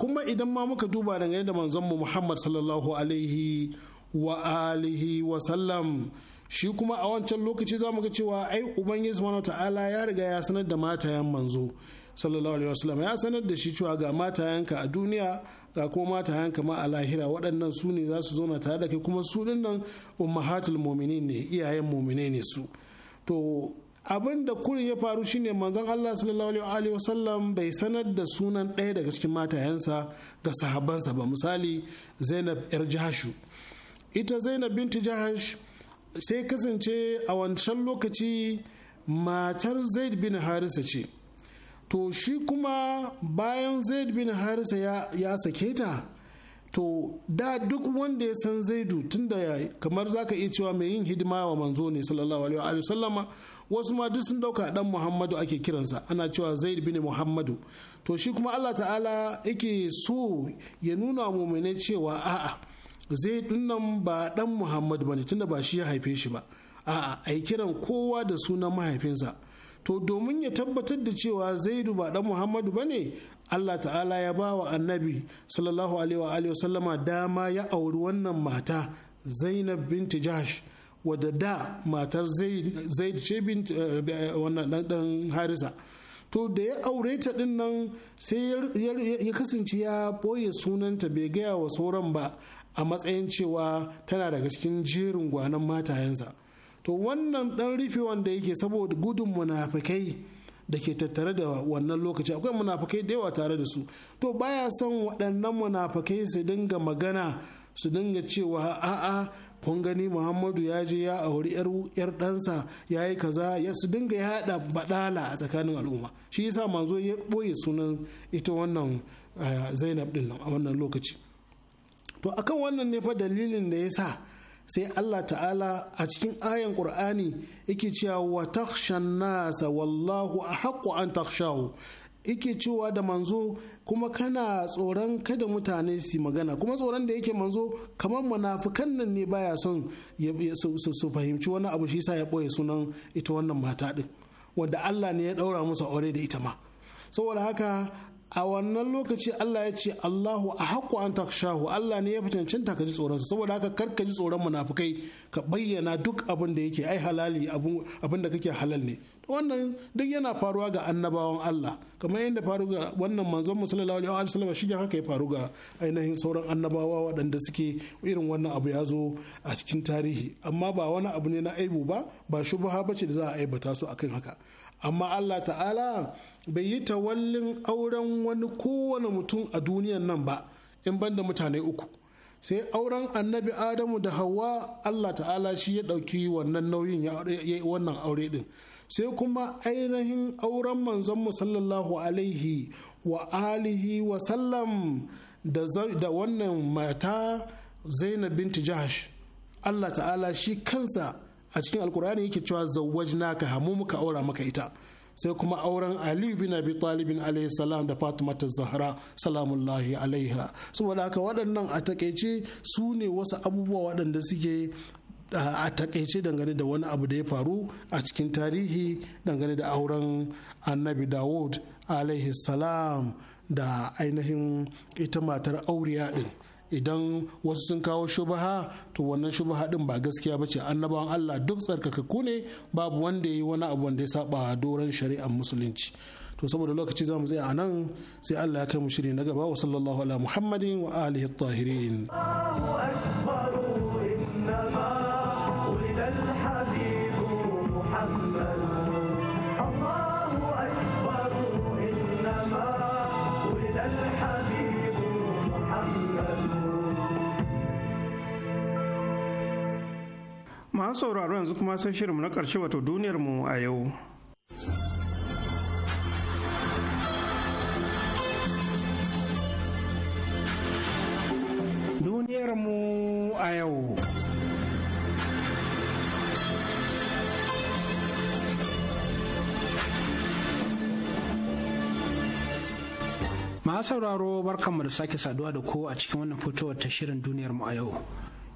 kuma idan ma muka duba dangane da manzon mu Muhammad sallallahu alaihi wa alihi wa sallam shi kuma a wancan lokaci za mu ga cewa ai ubangiji subhanahu ta'ala ya riga ya sanar da matayen manzo sallallahu alaihi wasallam ya sanar da shi cewa ga matayenka a duniya ga ko matayenka ma a lahira waɗannan su ne za su zauna tare da kai kuma su dinnan ummahatul mu'minin ne iyayen mu'mine ne su to abin da kurin ya faru shine manzon Allah sallallahu alaihi wasallam bai sanar da sunan ɗaya daga cikin matayansa ga sahabansa ba misali Zainab yar Jahashu ita zainab binti jahash sai kasance a wancan lokaci matar zaid bin harisa ce to shi kuma bayan zaid bin harisa ya, ya sake ta to da duk wanda ya san zaidu tunda kamar zaka iya cewa mai yin hidima wa manzo ne sallallahu alaihi wa sallama wasu ma duk sun dauka dan muhammadu ake kiransa ana cewa zaid bin muhammadu to shi kuma allah ta'ala yake so ya nuna muminai cewa a'a zai nan ba dan muhammadu bane tunda ba shi ya haife shi ba a'a ai kiran kowa da sunan mahaifinsa to domin ya tabbatar da cewa zaidu ba dan muhammadu bane Allah ta'ala ya ba wa annabi sallallahu alaihi wa sallama dama ya auri wannan mata zainab binti jahash wadda da matar zaid ce eh, eh, wannan dan harisa to da ya aure ta din sai ya kasance ya boye sunanta bai gaya wa sauran ba a matsayin cewa tana daga cikin jerin gwanon matayensa to wannan dan rufe wanda yake saboda gudun munafikai da ke tattare da wannan lokaci akwai munafikai da yawa tare da su to baya son waɗannan munafikai su dinga magana su dinga cewa a'a kun gani muhammadu ya je ya auri yar ɗansa ya yi kaza ya su dinga yaɗa baɗala a tsakanin al'umma shi yasa manzo ya ɓoye sunan ita wannan eh, zainab din a wannan lokaci to akan wannan ne fa dalilin da ya sa sai Allah ta'ala a cikin ayan ƙur'ani yake cewa wa takshan nasa wallahu haƙƙo an takshahu yake cewa da manzo kuma kana tsoron kada mutane su magana kuma tsoron da yake manzo kamar munafukan nan ne baya son su fahimci wani abu shi sa ya ɓoye sunan ita wannan mata ɗin wanda Allah ne ya ɗaura musu aure da ita ma saboda haka a wannan lokaci Allah ya ce Allahu a haƙƙo an takshahu Allah ne ya fi cancanta ka ji tsoronsa saboda haka kar ka ji tsoron munafukai ka bayyana duk abin da yake ai halali abin da kake halal ne wannan duk yana faruwa ga annabawan Allah kamar yadda faru ga wannan manzon mu sallallahu shi haka ya faru ga ainihin sauran annabawa waɗanda suke irin wannan abu ya zo a cikin tarihi amma ba wani abu ne na aibu ba ba shubha bace da za a aibata su akan haka amma Allah ta'ala bai yi tawallin auren wani kowane mutum a duniyan nan ba in banda mutane uku sai auren annabi adamu da hawa allah ta'ala shi ya ɗauki wannan nauyin wannan aure ɗin sai kuma ainihin auren manzonmu sallallahu alaihi wa alihi wa sallam da wannan mata zainab binti jahash allah ta'ala shi kansa a cikin alkur'ani yake cewa naka hamu muka aura maka ita sai kuma auren Aliyu bin abi talibin alaihi salam da fatimata zahra salamullahi alaiha saboda haka waɗannan a takaice su ne wasu abubuwa waɗanda suke a takaice dangane da wani abu da ya faru a cikin tarihi dangane da auren annabi dawud alaihi salam da ainihin ita matar auriya din idan wasu sun kawo shubaha to wannan shubaha din ba gaskiya ba ce annabawan Allah duk tsarkakakku ne babu wanda ya yi wani abu wanda ya saba doron shari'ar musulunci to saboda lokaci zamu tsaya a nan sai Allah ya kai mu shiri na gaba wa sallallahu ala muhammadin wa alihi tahirin masu sauraro yanzu kuma sai shirinmu na ƙarshe wato duniyarmu a yau. Duniyarmu a yau. Masu sauraro barkanmu da sake saduwa da ko a cikin wannan fitowar ta shirin duniyarmu a yau.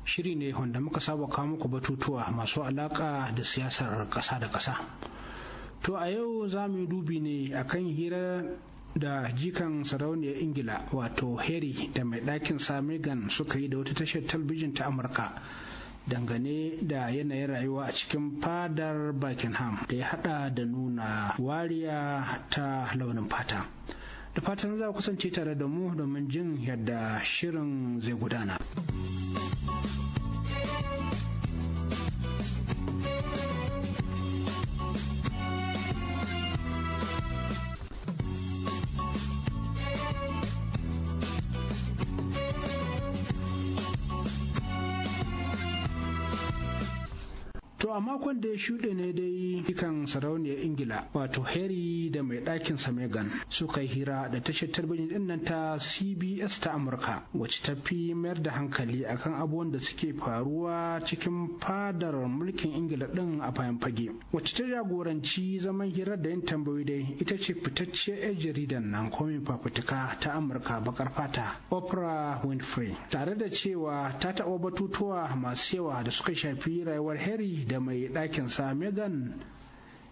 shiri ne wanda muka saba kawo muku batutuwa masu alaka da siyasar ƙasa da ƙasa. To a yau za mu yi dubi ne akan hira da jikan sarauniyar Ingila wato Harry da mai ɗakin sa megan suka yi da wata tashar talbijin ta Amurka dangane da yanayin rayuwa a cikin fadar Buckingham da ya haɗa da nuna wariya ta launin fata. da fatan za ku kusance tare da mu domin jin yadda shirin zai gudana. a makon da ya shuɗe ne dai kikan sarauniyar Ingila wato Harry da mai ɗakin sa megan suka yi hira da tashar talabijin ɗin nan ta CBS ta Amurka wacce ta fi mayar da hankali akan abubuwan da suke faruwa cikin fadar mulkin Ingila ɗin a fayan fage. Wacce ta jagoranci zaman hirar da yin tambayoyi dai ita ce fitacciyar yar jaridan nan komin fafutuka ta Amurka bakar fata Oprah Winfrey tare da cewa ta taɓa batutuwa masu yawa da suka shafi rayuwar Harry da mai ɗakin megan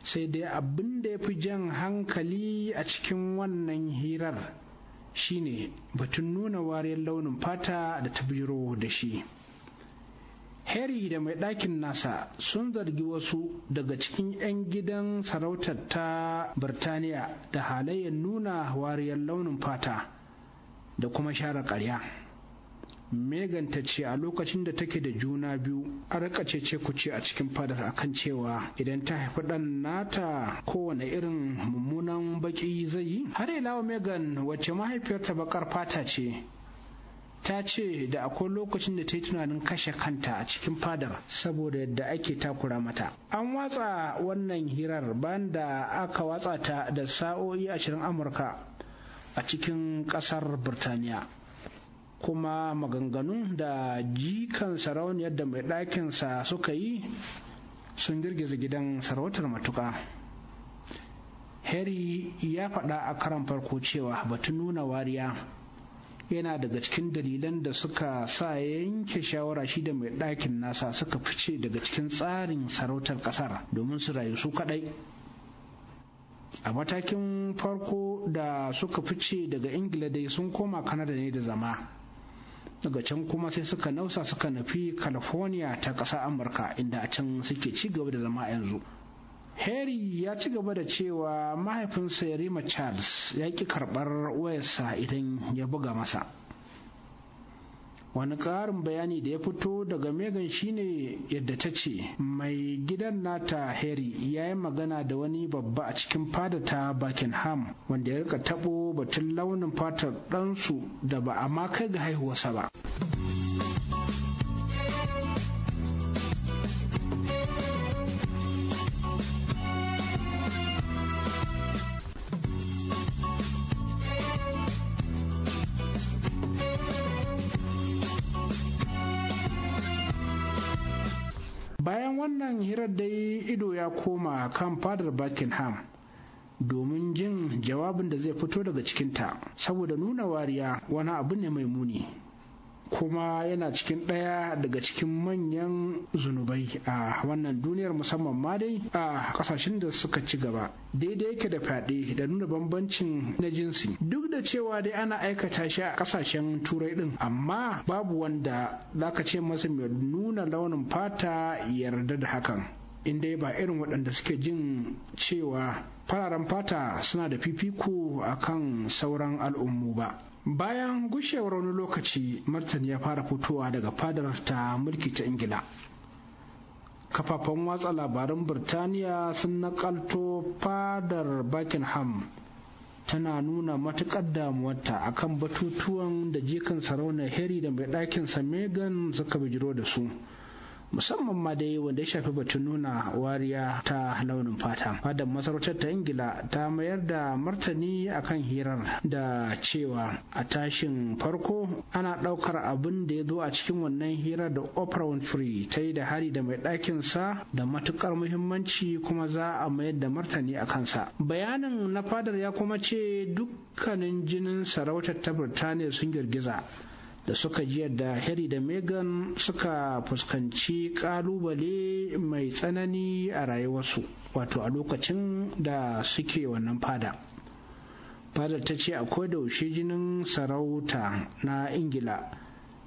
sai dai abin da ya fi jan hankali a cikin wannan hirar shine batun nuna wariyar launin fata da ta biro da shi harry da mai ɗakin nasa sun zargi wasu daga cikin 'yan gidan sarautar ta birtaniya da halayen nuna wariyar launin fata da kuma share ƙarya. megan ta ce a lokacin da take da juna biyu a rika ku ce a cikin fadar akan cewa idan ta haifi dan nata kowane irin mummunan baki zai yi har ilawa megan wacce mahaifiyarta bakar fata ce ta ce da akwai lokacin da ta yi tunanin kashe kanta a cikin fadar saboda yadda ake takura mata an watsa wannan hirar bayan da aka watsa ta da sa'o'i ashirin amurka a cikin kasar birtaniya kuma maganganun da jikan sarauniyar da mai ɗakinsa suka yi sun girgiza gidan sarautar matuka harry ya faɗa a karan farko cewa batun nuna wariya yana daga cikin dalilan da suka sa yanke shawara shi da mai ɗakin nasa suka fice daga cikin tsarin sarautar ƙasar domin su rayu su kaɗai a matakin farko da suka fice daga ingila dai sun koma kanada ne da zama daga can kuma sai suka nausa suka nufi california ta ƙasa amurka inda a can suke ci gaba da zama yanzu harry ya ci gaba da cewa mahaifinsa Rima charles ya ƙi karɓar wayarsa idan ya buga masa wani ƙarin bayani da ya fito daga megan shine yadda ta ce mai gidan nata harry ya yi magana da wani babba a cikin fada ta buckingham wanda ya rika taɓo batun launin fatar ɗansu da ba a ma kai ga haihuwarsa ba wannan hirar dai ido ya koma kan fadar buckingham domin jin jawabin da zai fito daga cikinta saboda nuna wariya wani abu ne mai muni kuma yana cikin ɗaya daga cikin manyan zunubai a wannan duniyar musamman ma dai a ƙasashen da suka ci gaba daidai yake da fyaɗe da nuna bambancin na jinsi duk da cewa dai ana aikata shi a ƙasashen turai ɗin amma babu wanda zaka ce masa mai nuna launin fata yarda da hakan in dai ba irin waɗanda suke jin cewa fararen fata suna da fifiko akan sauran al'ummu ba bayan gushewar wani lokaci martani ya fara fitowa daga fadar ta mulki ta ingila kafafen watsa labaran birtaniya sun nakalto fadar buckingham tana nuna matuƙar damuwarta akan batutuwan da jikin sarauna harry da mai ɗakin Meghan megan suka bijiro da su musamman ma dai wanda ya shafi batun nuna wariya ta launin fata fadar masarautar ta ingila ta mayar da martani akan hirar da cewa a tashin farko ana ɗaukar abin da ya zo a cikin wannan hirar da oprah winfrey ta yi da hari da mai ɗakin sa da matukar muhimmanci kuma za a mayar da martani a kansa bayanin na fadar ya kuma ce dukkanin jinin sarautar ta birtaniya sun girgiza da suka ji yadda Harry da Meghan suka fuskanci ƙalubale mai tsanani a rayuwarsu wato a lokacin da suke wannan fada. Fadar ta ce akwai da jinin sarauta na Ingila.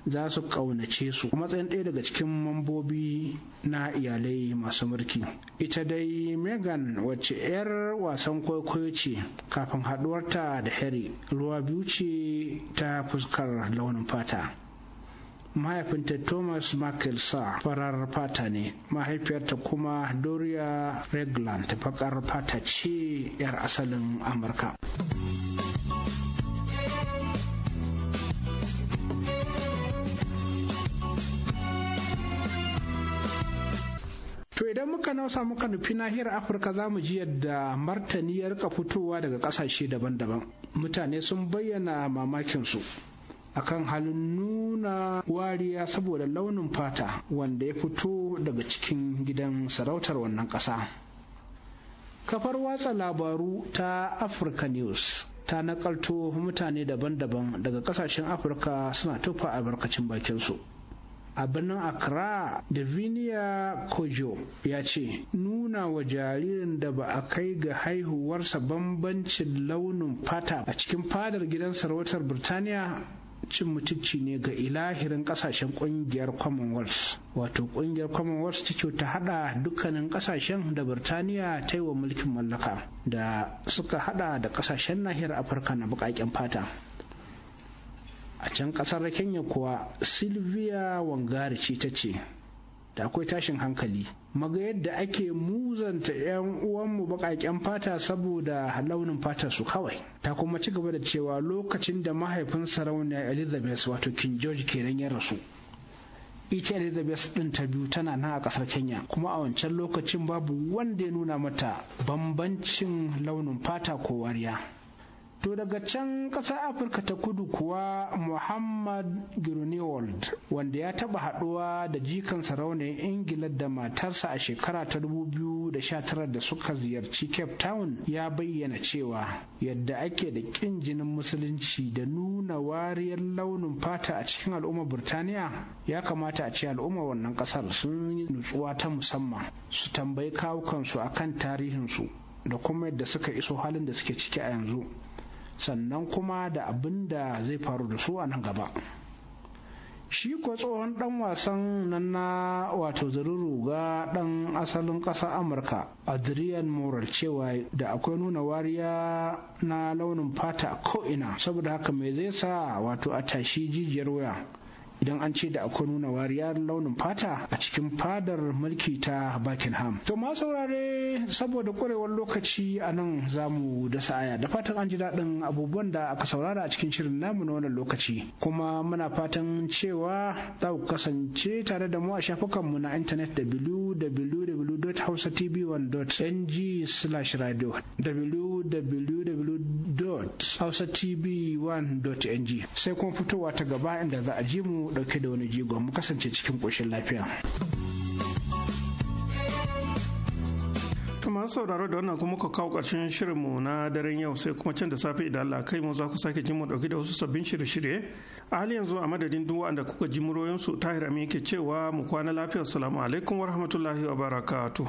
za su ƙaunace su a matsayin ɗaya daga cikin mambobi na iyalai masu mulki ita dai megan wacce 'yar wasan kwaikwayo ce kafin haɗuwarta da harry ruwa biyu ce ta fuskar launin fata mahaifinta thomas sa farar fata ne mahaifiyarta kuma doria regland ta fakar fata ce 'yar asalin amurka idan muka nausa muka nufi nahiyar afirka za mu ji yadda martani ya rika fitowa daga kasashe daban-daban mutane sun bayyana mamakinsu akan halin nuna wariya saboda launin fata wanda ya fito daga cikin gidan sarautar wannan ƙasa kafar watsa labaru ta Afirka news ta nakalto mutane daban-daban daga kasashen afirka suna tufa albarkacin bakinsu a birnin accra davinia kojo ya ce nuna wa jaririn da ba a kai ga haihuwarsa bambancin launin fata a cikin fadar gidan sarautar birtaniya cin mutunci ne ga ilahirin kasashen kungiyar commonwealth wato kungiyar commonwealth ta ce ta hada dukkanin kasashen da birtaniya ta yi wa mulkin mallaka da suka hada da kasashen nahiyar afirka na bukaken fata a can kasar kenya kuwa silvia wangari ce ta ce da akwai tashin hankali maga yadda ake muzanta 'yan uwanmu baƙaƙen fata saboda launin fatar su kawai ta kuma ci gaba da cewa lokacin da mahaifin sarauniya elizabeth wato king george kenan ya rasu ita elizabeth din ta biyu tana nan a ƙasar kenya kuma a wancan lokacin babu wanda ya nuna mata bambancin launin fata ko wariya To daga can ƙasar Afirka ta kudu kuwa Muhammad Grunewald wanda ya taɓa haɗuwa da jikan sarauniyar Ingila da matarsa a shekara ta 2019 da suka ziyarci Cape Town ya bayyana cewa yadda ake da ƙin jinin musulunci da nuna wariyar launin fata a cikin al'ummar Birtaniya, ya kamata a ce al'ummar wannan ƙasar sun yi nutsuwa ta musamman su tambayi kawukansu akan tarihinsu da kuma yadda suka iso halin da suke ciki a yanzu. sannan kuma da abin da zai faru da su a nan gaba shi ko tsohon dan wasan nan na wato ga dan asalin ƙasar amurka adrian moral cewa da akwai nuna wariya na launin fata ko'ina saboda haka mai zai sa wato a tashi jijiyar waya idan an ce da akwai nuna wariyar launin fata a cikin fadar mulki ta Buckingham. To ma saurare saboda kwarewar lokaci a nan za mu da sa'aya da fatan an ji daɗin abubuwan da aka saurara a cikin shirin namu na wannan lokaci kuma muna fatan cewa za ku kasance tare da mu a shafukanmu na intanet www.hausatv1.ng/radio www.hausatv1.ng sai kuma fitowa ta gaba inda za a ji mu ɗauke da wani jigon mu kasance cikin ƙoshin lafiya. masu sauraro da wannan kuma ka kawo ƙarshen mu na daren yau sai kuma can da safe idan Allah kai mu za ku sake jin mu dauki da wasu sabbin shirye-shirye a hali yanzu a madadin duk wanda kuka ji muroyinsu tahir amin yake cewa mu kwana lafiya assalamu alaikum wa barakatu.